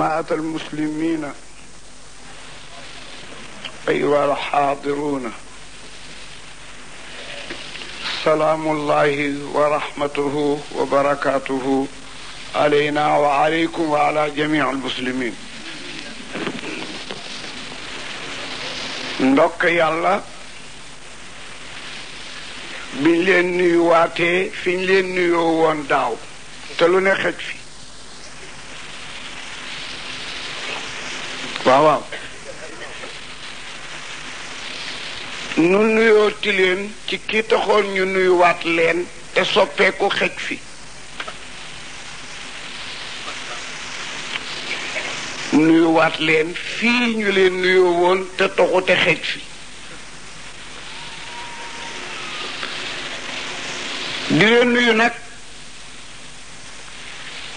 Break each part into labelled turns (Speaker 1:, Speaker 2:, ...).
Speaker 1: جماعة المسلمين أيها الحاضرون سلام الله ورحمته وبركاته علينا وعليكم وعلى جميع المسلمين ndokk yàlla biñ leen nuyu waatee fiñ leen nuyoo woon daaw te lu ne xej fi waaw waaw nu nuyooti ci kii taxoon ñu nuyuwaat leen te soppeeku xej fi nuyuwaat leen fii ñu leen nuyoo woon te taxute xej fi di leen nuyu nag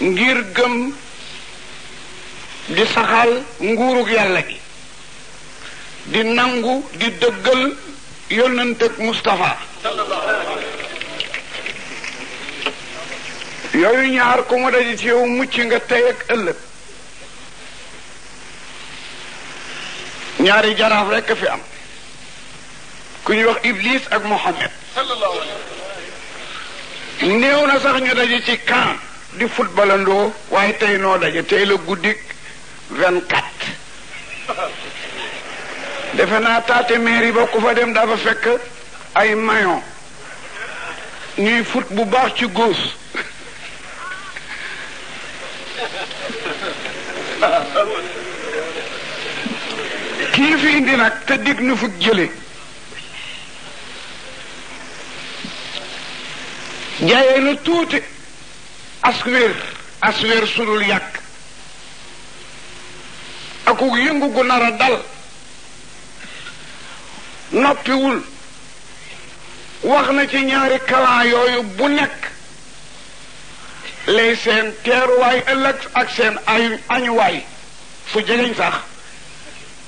Speaker 1: ngir gëm di saxal nguurug yàlla gi di nangu di dëggal yónnanteg Mustapha yooyu ñaar ku mu daje ci yow mucc nga tey ak ëllëg ñaari jaraaf rekk a fi am ku ñuy wax ibliis ak Mohammed néew na sax ñu daje ci camp di footballandoo waaye tey noo daje tey la guddik vingt-quatre defe naa taate mairie ba ku fa dem dafa fekk ay maillon ñuy fut bu baax ci góos kii fi indi nag te dig nu fu jële jaayee nu tuuti aswéer aswéer sudul yàq aku yëngu gu nar dal noppiwul wax na ci ñaari kalaa yooyu bu nekk lay seen teeruwaay ëllëg ak seen ay añuwaay fu jegeñ sax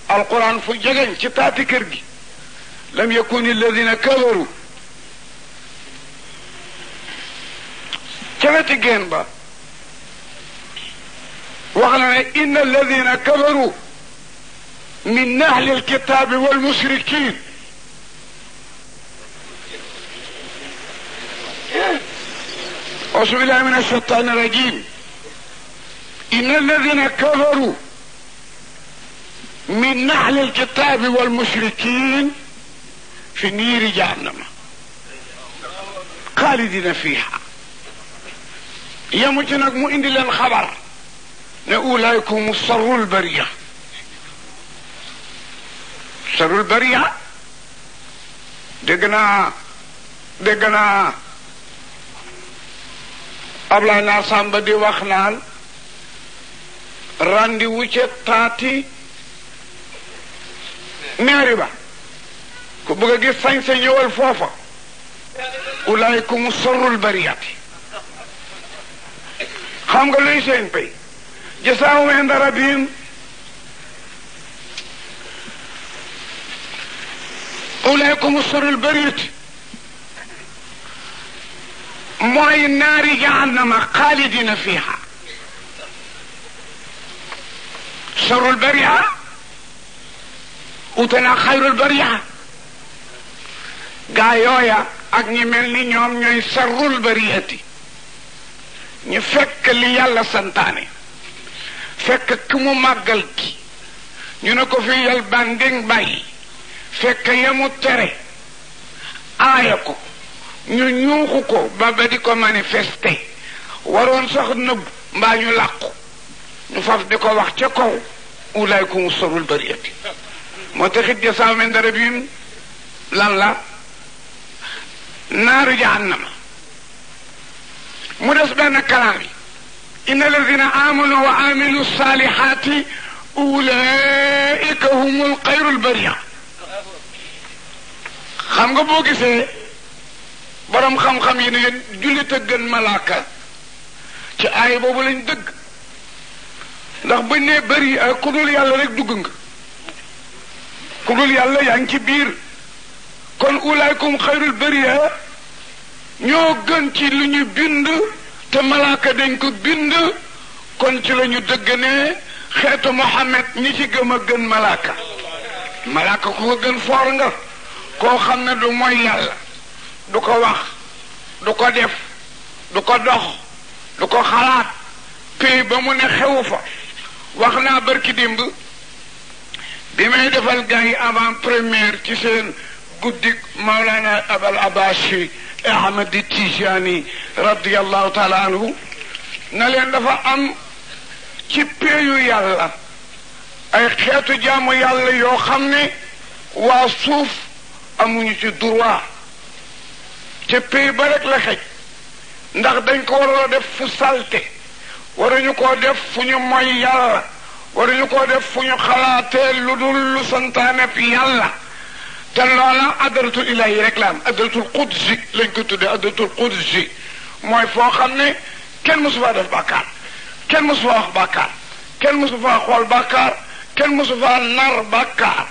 Speaker 1: alquran fu jegeñ ci taati kër gi lam yakuni alladina kafaru ca weti génn ba وعلى ان الذين كفروا من اهل الكتاب والمشركين اعوذ بالله من الشيطان الرجيم ان الذين كفروا من اهل الكتاب والمشركين في نير جهنم خالدين فيها يا مجنك مؤمن للخبر ne ulaayka hum sarul bariya sarul bariya dégg naa dégg naa Ablaye naa Samba di wax naan ràndi wu ca taati meeri ba ku bëgg a gis sañ sa ñëwal foofa ulaayka hum xam nga luy seen pay جزاهم عند ربهم أولئك هم السر البريت معي النار جعلنا خالدين فيها شر البريعة وتنا خير البريعة قايويا أجني من لي نيوم نيوم سر البريعة نفك اللي يلا سنتاني fekk kumu mu màggal gi ñu ne ko fi yal banding bàyyi fekk yamu tere aaya ko ñu ñuuxu ko ba ba di ko manifesté waroon sax nëbb mbaa ñu làqu ñu faf di ko wax ca kaw ulaykum sorul bariyati moo taxit men dara biim lan la naaru jahannama mu des benn kalam yi إن الذين آمنوا وعملوا الصالحات أولئك هم الخير البرية xam nga boo gisee borom xam-xam yi ne jullit a gën malaaka ci aay boobu lañ dëgg ndax bañ ne bëri ku dul yàlla rek dugg nga ku dul yàlla yaa ngi ci biir kon ulaykum xayrul bëriya ñoo gën ci lu ñu bind te malaaka dañ ko bind kon ci la ñu dëgg ne xeetu Muhammad ñi ci gëm a gën malaaka malaaka ku ko gën foor nga koo xam ne du mooy yàlla du ko wax du ko def du ko dox du ko xalaat pays ba mu ne xewu fa wax naa barki dimb bi may defal gars yi avant première ci seen guddi Maulana Abal Abashi احمد التيجاني رضي الله تعالى عنه نالين دفا ام تي يالا اي خيتو جامو يالا يو خامني واسوف امونو سي دروا تي بي بارك لا خاج نداخ دنج كو ورا ديف فو سالتي ورانيو كو ديف فو يالا ورانيو كو ديف فو خلاتي لودول لو سنتانه في يالا te loola adratul ilahi rek la am adratul qudsi lañ ko tuddee adratul qudsi mooy foo xam ne kenn mosu faa def bàkkaar kenn mosu faa wax bàkkaar kenn mosu faa xool bàkkaar kenn mosu faa nar bàkkaar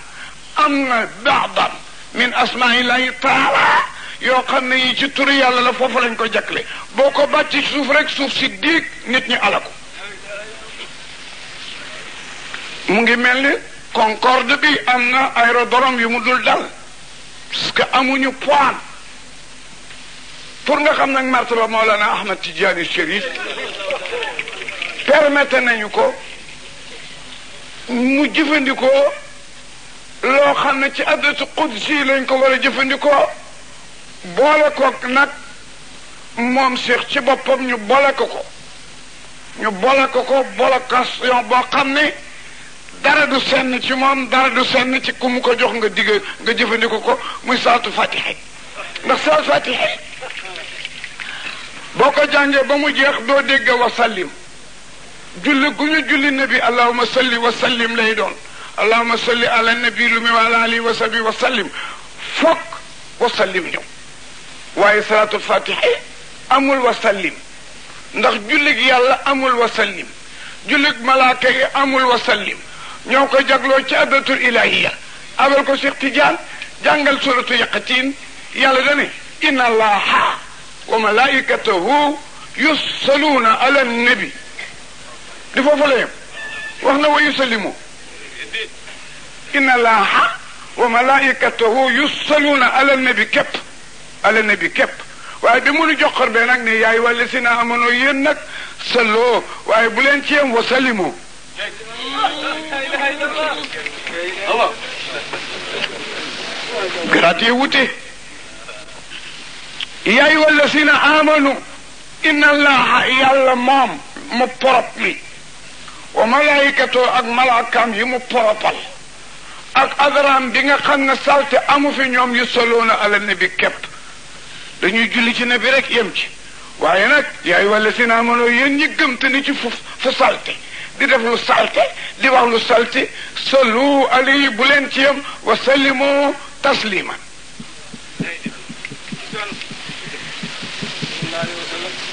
Speaker 1: am na baadan min asmaillahi taala yoo xam ne yi ci turu yàlla la foofu lañ ko jakkle boo ko bàcci suuf rek suuf si diig nit ñi alako mu ngi mel ni concorde bi am na aérodrome yu mu dal parce que amuñu point pour nga xam nag martaba Mawlana Ahmad Tidiane Chérif permettre nañu ko mu jëfandikoo loo xam ne ci addatu qudsi lañ ko war a jëfandikoo boole ko nag moom Cheikh ci boppam ñu boole ko ko ñu ko ko boo dara du sen ci mom dara du sen ci kum ko jox nga digge nga jëfëndiko ko muy saatu fatiha ndax saatu fatiha boko jange ba mu jeex do degge wa sallim julli guñu julli nabi allahumma salli wa sallim lay doon allahumma salli ala nabi lu mi wa ala ali wa sabi wa sallim fokk wa sallim ñu waye salaatul fatiha amul wa sallim ndax jullig yàlla amul wa sallim jullig malaaka yi amul wa sallim ñoo ngi koy jagloo ci addatul ilahiya amal ko Cheikh Tidiane jàngal suratu yaqatin yàlla dane inna allaha wa malaikatahu yusalluna ala nabi di foofu la yem wax wa yusallimu inna allaha wa malaikatahu yusalluna ala nabi kep ala nabi kep waye bi mënu joxor be nak ne yaay walisina amono yéen nak sallo waye bu len ci yam wa sallimu waaw garaat yi wute yaa ayyuha allazina amanu inna allaha yàlla moom mu porop mi wa malaayikatoo ak malaakaam yi mu poropal ak adraam bi nga xam ne salte amu fi ñoom yu soloona ala nabi képp dañuy julli ci nabi rek yem ci waaye nag yaa ayyuha allazina amanu yéen ñi gëmte ni ci fu fu salte di def lu salte di wax lu salte salu ali bu len ci yam wa sallimu taslima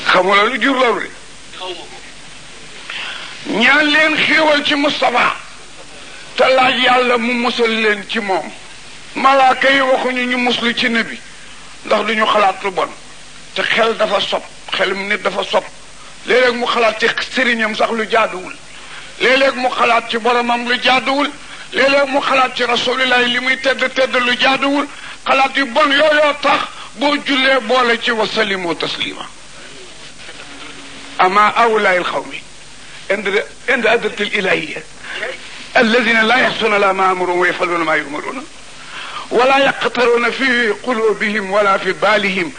Speaker 1: xamul lu jur lolu de ñaan leen xéewal ci mustafa te laaj yàlla mu musal leen ci moom malaaka yi waxuñu ñu muslu ci nabi ndax duñu xalaat lu bon te xel dafa sob xelum nit dafa sob léeg-léeg mu xalaat ci sëriñam sax lu jaaduwul léeg-léeg mu xalaat ci boromam lu jaaduwul léeg-léeg mu xalaat ci rasulillahi li muy tedd tedd lu jaaduwul xalaat yu bon yooyoo tax boo jullee boole ci wasalimu taslima ama أما أولى القوم عند عند أدرة الإلهية الذين لا يحصون لا ما أمرون ويفعلون ما يؤمرون ولا يقترون في قلوبهم ولا في بالهم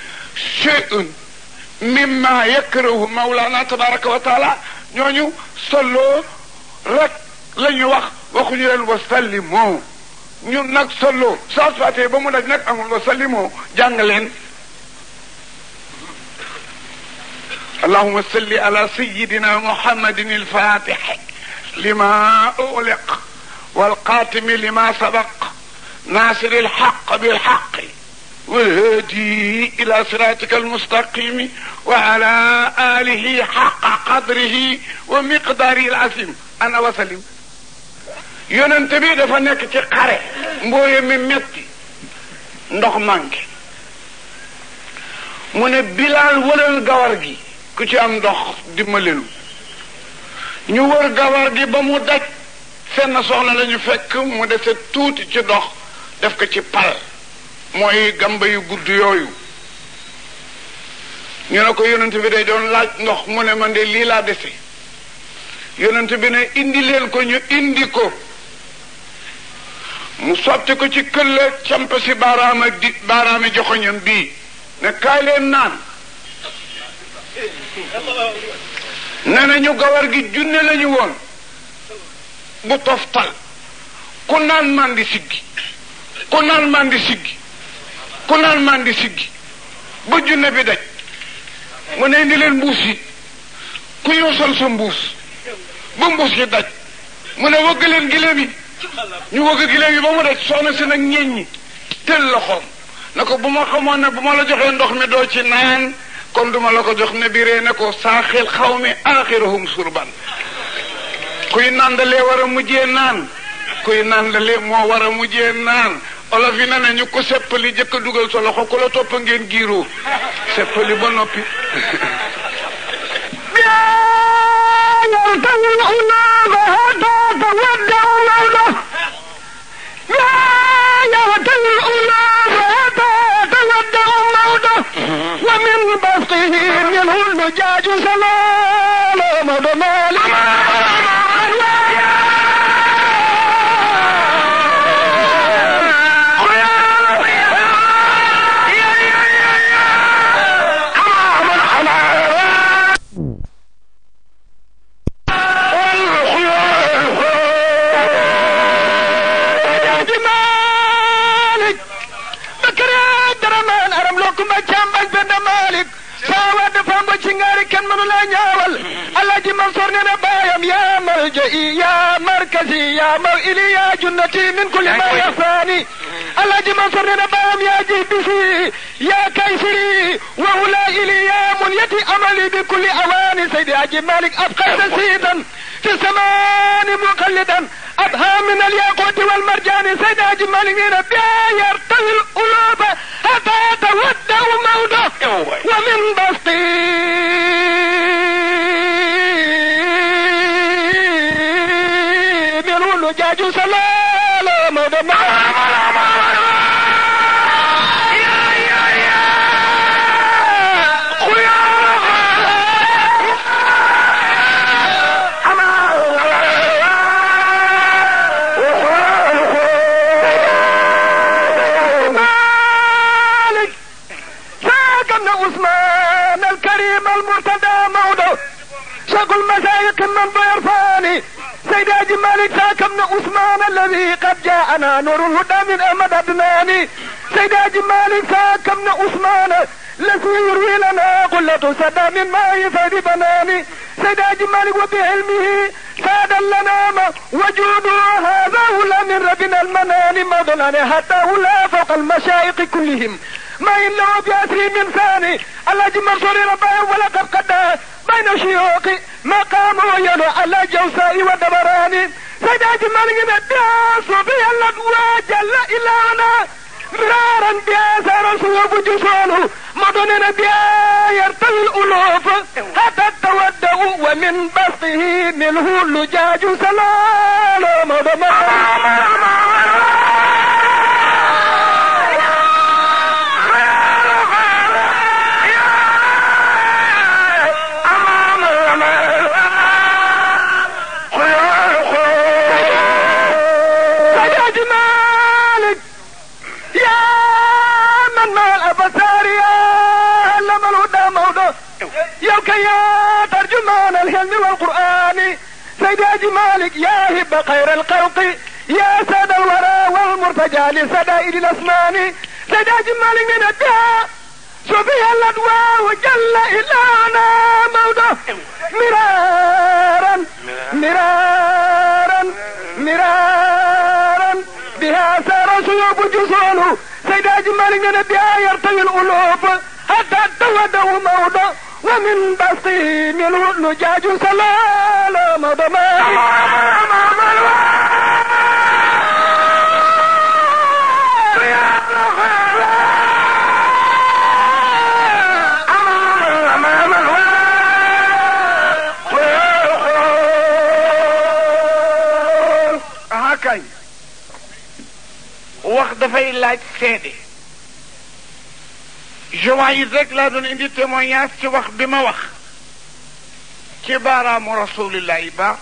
Speaker 1: شيء مما يكره مولانا تبارك وتعالى ñooñu solo rek lañu ñu wax waxuñu leen wa sallimoo ñun nak sallo saa ba mu daj nak amul wa sallimoo jàng leen اللهم صل على سيدنا محمد الفاتح لما أغلق والقاتم لما سبق ناصر الحق بالحق والهادي إلى صراطك المستقيم وعلى آله حق قدره ومقدار العظيم ana wasalim yonente bi dafa nekk ci xare mbooye mi metti ndox manqué mu ne bilaal wëral gawar gi ku ci am ndox dimbalelu ñu wër gawar gi ba mu daj seen soxla la ñu fekk mu dese tuuti ci ndox def ko ci pal mooy gamba yu gudd yooyu ñu ne ko yonent bi day doon laaj ndox mu ne man de lii laa dese yonent bi ne indi ko ñu indi ko mu sotti ko ci këlle camp si baaraama di baaraami joxoñam bii ne kaay leen naan ne nañu gawar gi junne lañu woon bu toftal ku naan mandi siggi ku naan mandi siggi siggi ba junne bi daj mu ne indi mbuus yi ku yoosal sa mbuus ba mbuus yi daj mu ne wëgg leen gileem yi ñu wëgg gileem yi ba mu daj soxna si nag ñeeñ ñi loxoom na ko bu ma xamoon ne bu ma la joxee ndox mi doo ci naan kon duma la ko jox ne biree ne ko saaxil xaw mi aaxiruhum surban kuy naan dalee war a mujjee naan kuy naan moo war a mujjee naan olof yi ne na ñu ko seppali jëkk dugal sa loxo ku la topp ngeen giiroo seppali ba noppi أعطوا الإمام هدى تودعوا مولاه لا يهدى الإمام هدى تودع مولاه ومن بسطه منه الزجاج سلام مضمال manu laa ñaawal alaaji Mansoor nee na baayam yaa marjai yaa markazi yaa maw ili yaa junnati min kulli ma yaxsaani alaaji Mansoor nee na baayam yaa jibisi yaa kaysiri wa hula ili yaa munyati amali bi kulli awaani saydi aji malik abqayta siidan في الزمان مقلدا ابهى من الياقوت والمرجان سيد اجي مالك بها يرتوي القلوب حتى يتودع موده ومن بر من ماء فهد بناني سيد حاج وبعلمه ساد الانام وجود هذا هلا من ربنا المنان ما مضلنا حتى هلا فوق المشايق كلهم ما إلا بأسر من ثاني الذي منصور رباه ولقد قد بين شيوخ مقام يلو على جوساء ودبران سيد حاج مالك الداس وبه الأبواج لا إلانا مرارا بأسر سوى بجسونه مدننا بيا يرتل الألوف حتى التودع ومن بسطه منه اللجاج سلام مضمض آه، آه، آه، الحب خير الخلق يا سادة الورى والمرتجى لسدائد الاسمان سيد جمال من الداء شفيها الأدواء الى إلانا موضة مرارا مرارا مرارا بها سار شيوب جسونه سيد جمال من الداء يرتوي القلوب حتى تودوا موضة ومن بسيم النجاج سلالة مضمان dafay laaj seede jomaayit rek laa doon indi témoignage ci wax bi ma wax ci baaraamu rasulillahi ba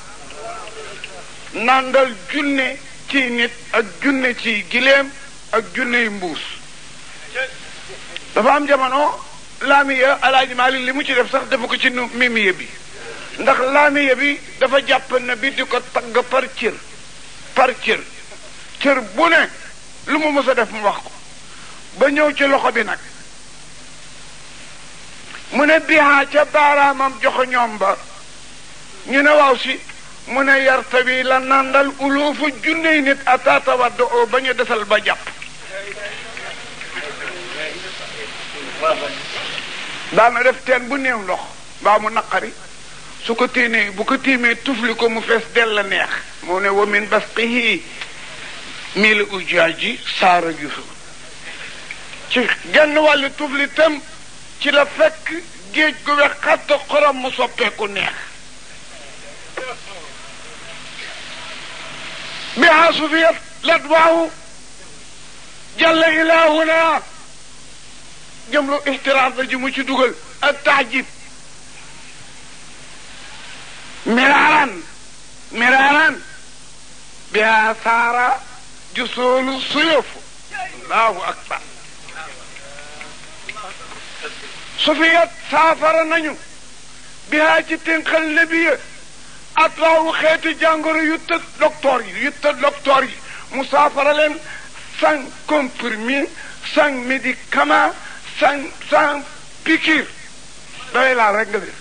Speaker 1: nandal junne ci nit ak junne ci gileem ak junne mbuus dafa am jamono laamiya alaaji maali li mu ci def sax dafa ko ci nu mimiya bi ndax laamiya bi dafa jàpp na bi di ko tagg par cër par cër cër bu ne lu mu mës def mu wax ko ba ñëw ci loxo bi nag mu ne bihaa ca baaraamam joxo ñoom ba ñu ne waaw si mu ne yartawi la nandal uluufu junney nit ataata wadda oo ba ñu desal ba jàpp daana def teen bu néew lox mbaa mu naqari su ko téenee bu ko tiimee tufli ko mu fees dell neex mu ne wamin basqihi mil ujaaj ji saara ju fa ci genn wàllu tufli tam ci la fekk géej gu wex xatt xorom mu soppeeku neex bihaa sufiyat ladwaahu jalla ilaahuna jëmlu istiraada ji mu ci dugal ak taajib miraaran miraaran bihaa saara josoolu suyofu allahu akbar sufiyat saafara nañu bihaa ci tinqal nabiya atlaawu xeeti jàngoro yu tëdd docteur yi yu tëdd docteur yi mu saafara leen sans comprimé sans médicament sans sans piqûre daway laal rek nga bir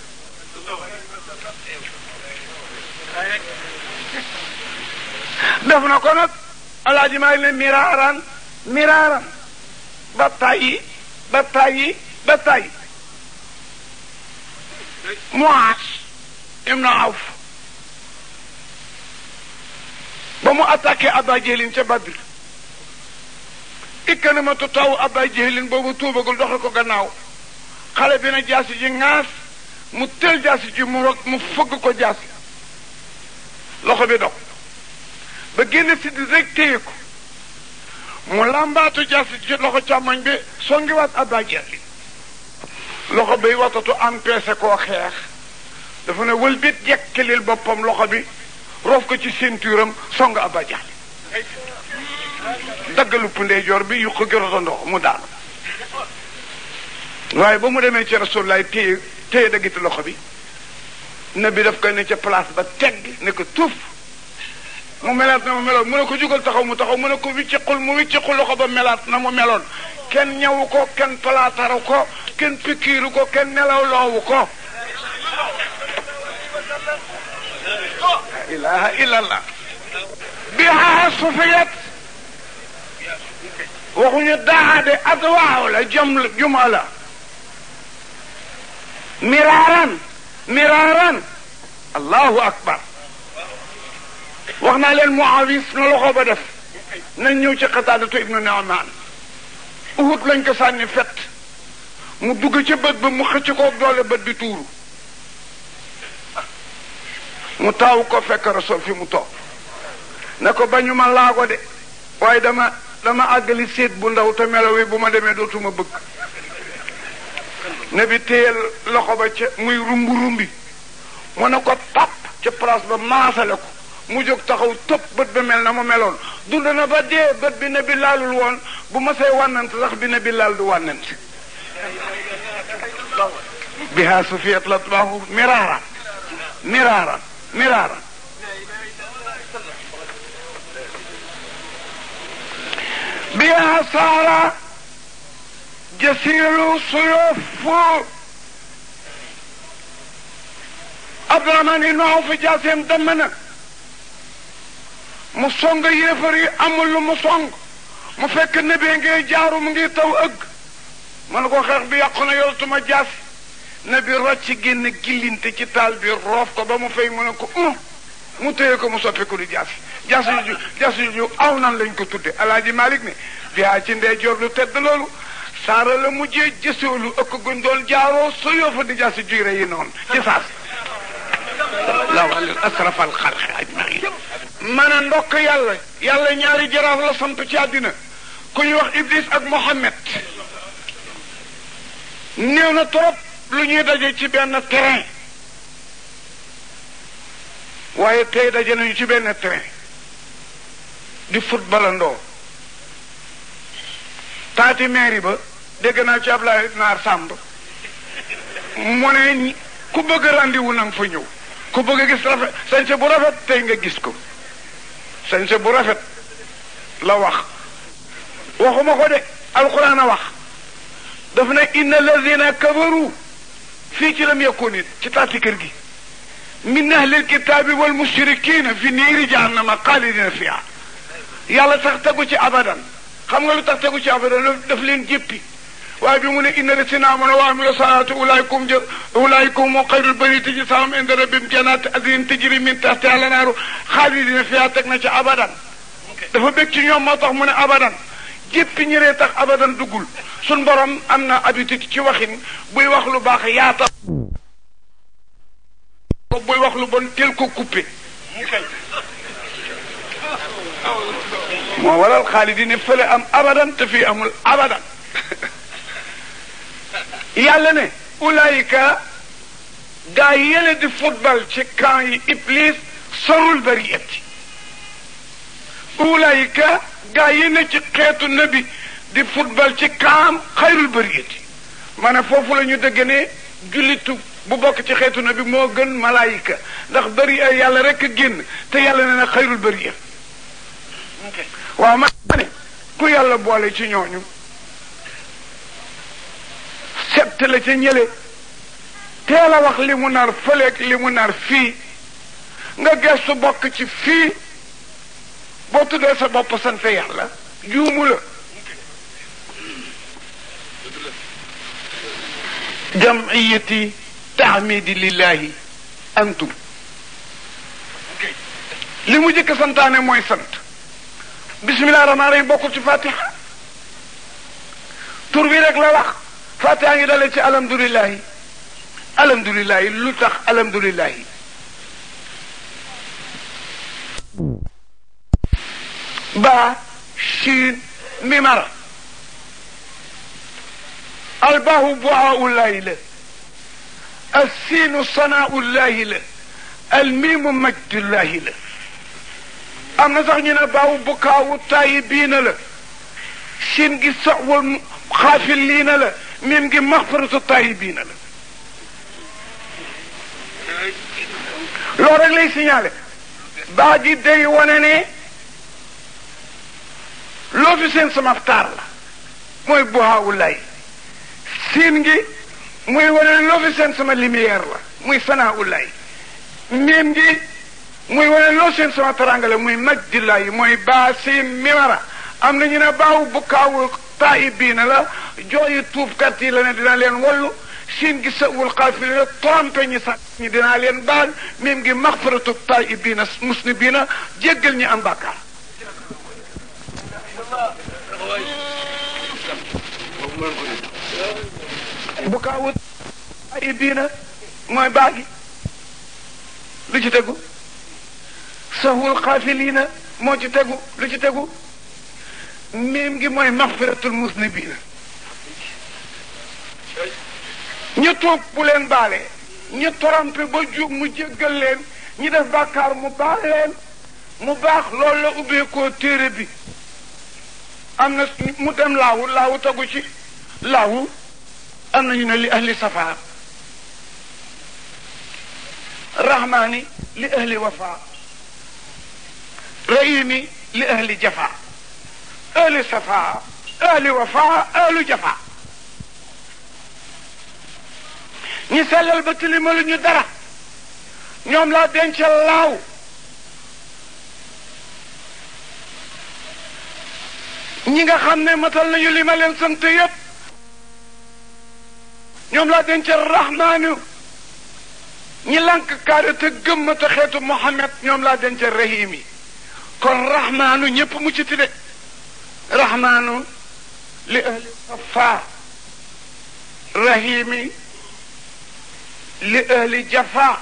Speaker 1: def na ko nag alaaji maa ngi ne miraaran miraaran ba tàyyi ba tàyyi ba tàyyi muaas ibnu awf ba mu attaqué abba jehlin ca badr ikkanamatu taw abba jehlin boobu tuubagul doxal ko gannaaw xale bi na jaasi ji ŋaas mu tël jaasi ji mu rog mu fëgg ko jaasi loxo bi dog ba génn sidit rek téye ko mu làmbaatu jaasi ci loxo càmmoñ bi songiwaat abba jaasi loxo bay watatu empêché koo xeex dafa ne wëlbit jekkilil boppam loxo bi roof ko ci ceinturam song abba jaasi daggalu pundeejoor bi yu ko gërotandoo mu daanu waaye ba mu demee ci lay téye téye daggiti loxo bi bi daf koy ne ca place ba tegg ne ko mu melaat na mu meloon mu ne ko jugal taxaw mu taxaw mu ne ko wicciqul mu wicciqul loxo ba melaat na mu meloon kenn ñawu ko kenn palaataru ko kenn pikiiru ko kenn nelaw loowu ko la ilaha illallah biha sufiyat waxuñu daa de adwaaw la jam juma la miraaran miraaran allahu akbar wax naa leen muawis na loxo ba def nañ ñëw ci xataadatu ibnu naamaan uhut lañ ko sànni fett mu dugg ca bët ba mu xëcc ko doole bët bi tuuru mu taaw ko fekk rasul fi mu toog ne ko bañu ma laago de waaye dama dama àggali séet bu ndaw te melaw yi bu ma demee dootuma bëgg ne bi téyel loxo ba ca muy rumbu rumbi mu ne ko tàpp ca place ba maasale ko mu jóg taxaw tëpp bët ba mel na mu meloon dund na ba dee bët bi ne bi laalul woon bu ma see wànnant sax bi ne bi laal du wànnant bihaa sufiyat latbaahu miraara miraara miraara bihaa saara jasiilu suyuufu abdurahmaan ibnu awf jaaseem damm mu song yéefar yi amul lu mu song mu fekk nebe ngay jaaru mu ngi taw ëgg man ko xeex bi yàqu na yortuma jaas ne bi rocc génn gillinte ci taal bi roof ko ba mu fay mu ne ko um mu téye ko mu soppi ko di jaas jaas yu jaas yu aw nan lañ ko tudde alaaji malik ne bi biyaa ci ndey jor lu tedd loolu saara la mujjee jësew lu ëkk guñ doon jaaroo so yoo fa di jaas yu jure yi noonu ci saas law alil asraf al xalq ajmain man a ndokk yàlla yàlla ñaari jaraaf la sant ci àddina ku ñuy wax Iblis ak Mohammed néew na trop lu ñuy daje ci benn terrain waaye tey daje nañu ci benn terrain di footballandoo taati mairie ba dégg naa ci Ablaye Naar Samb mu ne ku bëgg a ràndiwu nang fa ñëw ku bëgg a gis rafet sañse bu rafet tey nga gis ko sañse bu rafet la wax waxuma ko de alquran a wax daf ne inna alladina kafaru fii ci lam yakun it ci taati kër gi min ahli alkitabi wal mushrikin fi niiri jahannama xaalidina fiha yàlla sax tegu ci abadan xam nga lu tax tegu ci abadan daf leen jéppi واجمون ان رسنا من وامل صلاه اولئكم اولئكم وخير البريد جسام عند ربهم جنات اذين تجري من تحت على نار خالدين فيها تكنا ابدا دفا بك شي نيوم موتاخ من ابدا جيب ني ري تاخ ابدا دغول سون بروم امنا ابيتي شي واخين بوي واخ لو باخ يا تا بوي واخ لو بون تيل كو كوبي ما ولا الخالدين فلا ام ابدا تفي ام ابدا yàlla ne ulaayika gaa yële di football ci camp yi iblis sorul bari etti gaa yi ci xeetu nabi di football ci camp xayrul bari etti maanaam foofu la ñu dëgg ne jullitu bu bokk ci xeetu nabi moo gën malaayika ndax bari yàlla rek génn te yàlla ne na xayrul bari et waaw ku yàlla boole ci ñooñu fàttale ca ñële teel a wax li mu nar fëleeg li mu nar fii nga gestu bokk ci fii boo tuddee sa bopp sant yàlla juumu la jamiyati tahmidi lillahi antum li mu jëkk santaane mooy sant bismillah rahmaan rahim bokkul ci fatiha tur bi rek la wax fatiha ngi dalee ci alhamdulilahi alhamdulilahi lu tax alhamdulilahi ba shiin mimara albahu buaaullahi la alsiinu sanaaullahi la almiimu majdullahi la am na sax ñu ne baawu bukaawu taayibiina la shiin gi sawul xaafiliina la miim gi maxfaratu taayibiina la loolu rek lay signalé baa ji day wane ne lootu seen samaftaar la mooy buhaawulay siin gi muy wane ne lootu seen sama lumière la muy sanaawulay miim gi muy wane lootu seen sama taranga la muy majdillaay mooy baa siin mimara am na ñu ne baaw bu kaawul la jooyu tuubkat yi la ne leen wallu siin gi sawul xaafiri la trompé ñi sax ñi dinaa leen baal mim gi maxfaratu taayibiina muslibiina jéggal ñi am bàkkaar bu kaawul taayibiina mooy baa gi ci tegu sawul xaafiliina moo ci tegu lu ci tegu miim ngi mooy maxfiratul musnibina ñu tuub bu leen baale ñu torompe ba juub mu jéggal leen ñu def bàkkaar mu baal leen mu baax loolu la ubbeekoo téere bi am na mu dem laawu laawu tagu ci laawu am na ñu ne li ahli safaar rahmaani li ahli wafaa rahimi li ahli jafaa اهل صفاء اهل وفاء اهل جفاء ني سالال باتلي مالو ني دارا لا دنت الله نيغا خامني ماتال نيو لي مالين سنت ييب نيوم لا دنت الرحمن ني لانك كارته گم تخيتو محمد نيوم لا دنت الرحيم كون رحمن نيپ موچي تي رحمن لأهل صفا رحيم لأهل جفا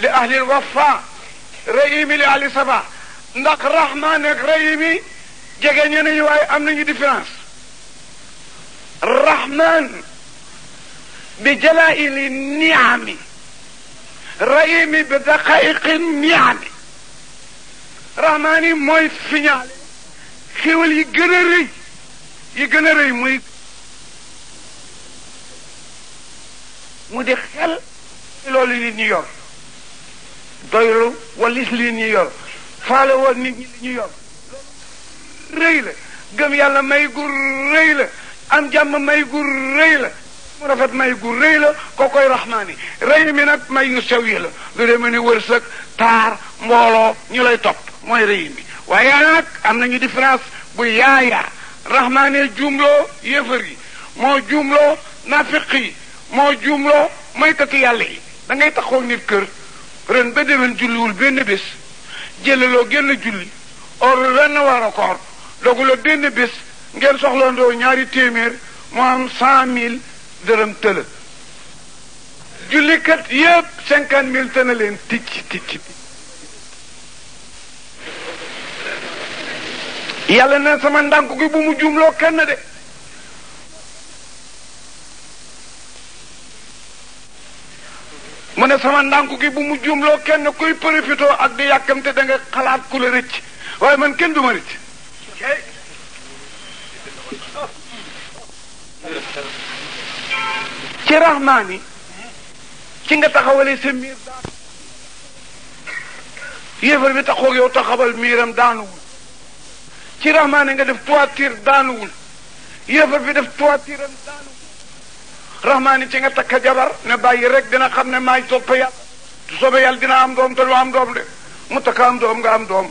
Speaker 1: لأهل الوفاء رحيم لأهل صفا نك رحمن رحيم جيغي ني واي ام ني ديفرنس بجلائل النعم رحيم بدقائق النعم رحمن موي فينال xéewal yi gën a rëy gën a rëy muy mu di xel loolu nit ñi doylu walis li ñu yor faale woon nit ñi li ñu yor rëy la gëm yàlla may gu rëy la am jàmm may gu rëy la mu rafet may gu rëy la koo koy raxmaani rëy mi nag may yu sew yi la lu demee ni wërsëg taar mbooloo ñu lay topp mooy rëy mi waaye nag am nañu différence bu yaaya rahmaane juumloo yéefar yi moo juumloo nafiq yi moo juumloo moykatu yàlla yi da ngay taxoog nit kër ren ba déwén julliwul benn bés jëlaloo génn julli or ren war a koor doguloo benn bés ngeen soxlandoo ñaari téeméer moo am cent mille dërëm tëla jullikat yépp cinquante mille tëna leen ticc ticc yàlla na sama ndànk gi bu mu juumloo kenn de mu ne sama ndànk gi bu mu juumloo kenn kuy profitoo ak di yàkkamte danga xalaat ku la rëcc waaye man kenn du ma rëcc ci raxmaani ci nga taxawalee sa miir daanu yéefar bi taxoog yow taxawal miiram daanuwul ci rahmaane nga def toiture daanuwul yéefar bi def toiture am daanuwul rahmaane ci nga takka jabar ne bàyyi rek dina xam ne maay soppa yàlla du soobee yàlla dina am doom te du am doom de mu takka am doom nga am doom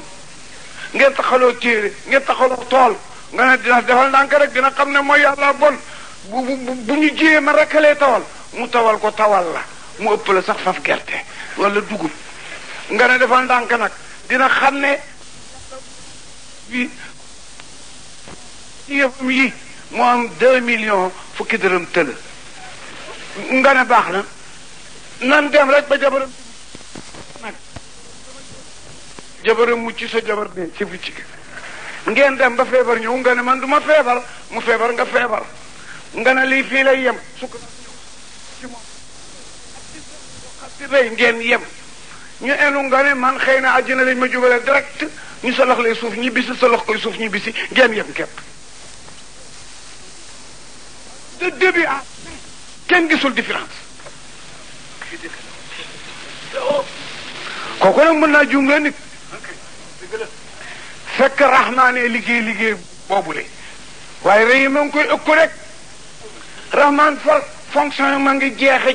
Speaker 1: ngeen taxaloo téere ngeen taxaloo tool nga ne dina defal ndànk rek dina xam ne mooy yàlla bon bu bu bu ñu jiyee ma rek tawal mu tawal ko tawal la mu ëpp la sax faf gerte wala dugub nga ne defal ndànk nag dina xam ne yëfam yi mu am deux millions fukki dërëm tëla nga ne baax na nan dem rek ba jabaram nag jabaram mucc sa jabar ne ci bu ci ngeen dem ba feebar ñëw nga ne man du ma feebar mu feebar nga feebar nga ne lii fii lay yem sukk ci moom rey ngeen yem ñu enu nga ne man xëy na àjjana lañ ma jubale direct ñu salax lay suuf ñibbisi salax koy suuf ñibbisi ngeen yem képp de début à kenn gisul différence kooku nag naa juum la nit fekk rahmaane liggéey liggéey boobule waaye rëy ma ngi koy ëkku rek rahmaan fal fonction ma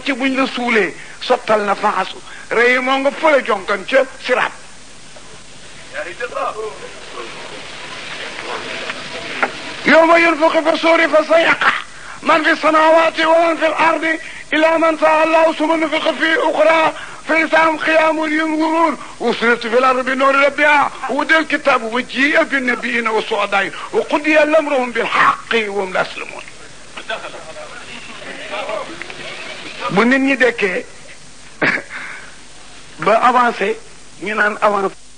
Speaker 1: ci buñ la suulee sottal na faxasu rëy moo nga fële jonkan ca siraat yow ma yoon fa ko fa sa yaqa من في السماوات ومن في الأرض إلا من شاء الله ثم في في أخرى فإنسان قيام ينظرون وصرت في الأرض بنور ربها ودي الكتاب وجيء بالنبيين والصعداء وقضي الأمرهم بالحق وهم لا يسلمون بنيني ديكي بأفانسي من أن أفانسي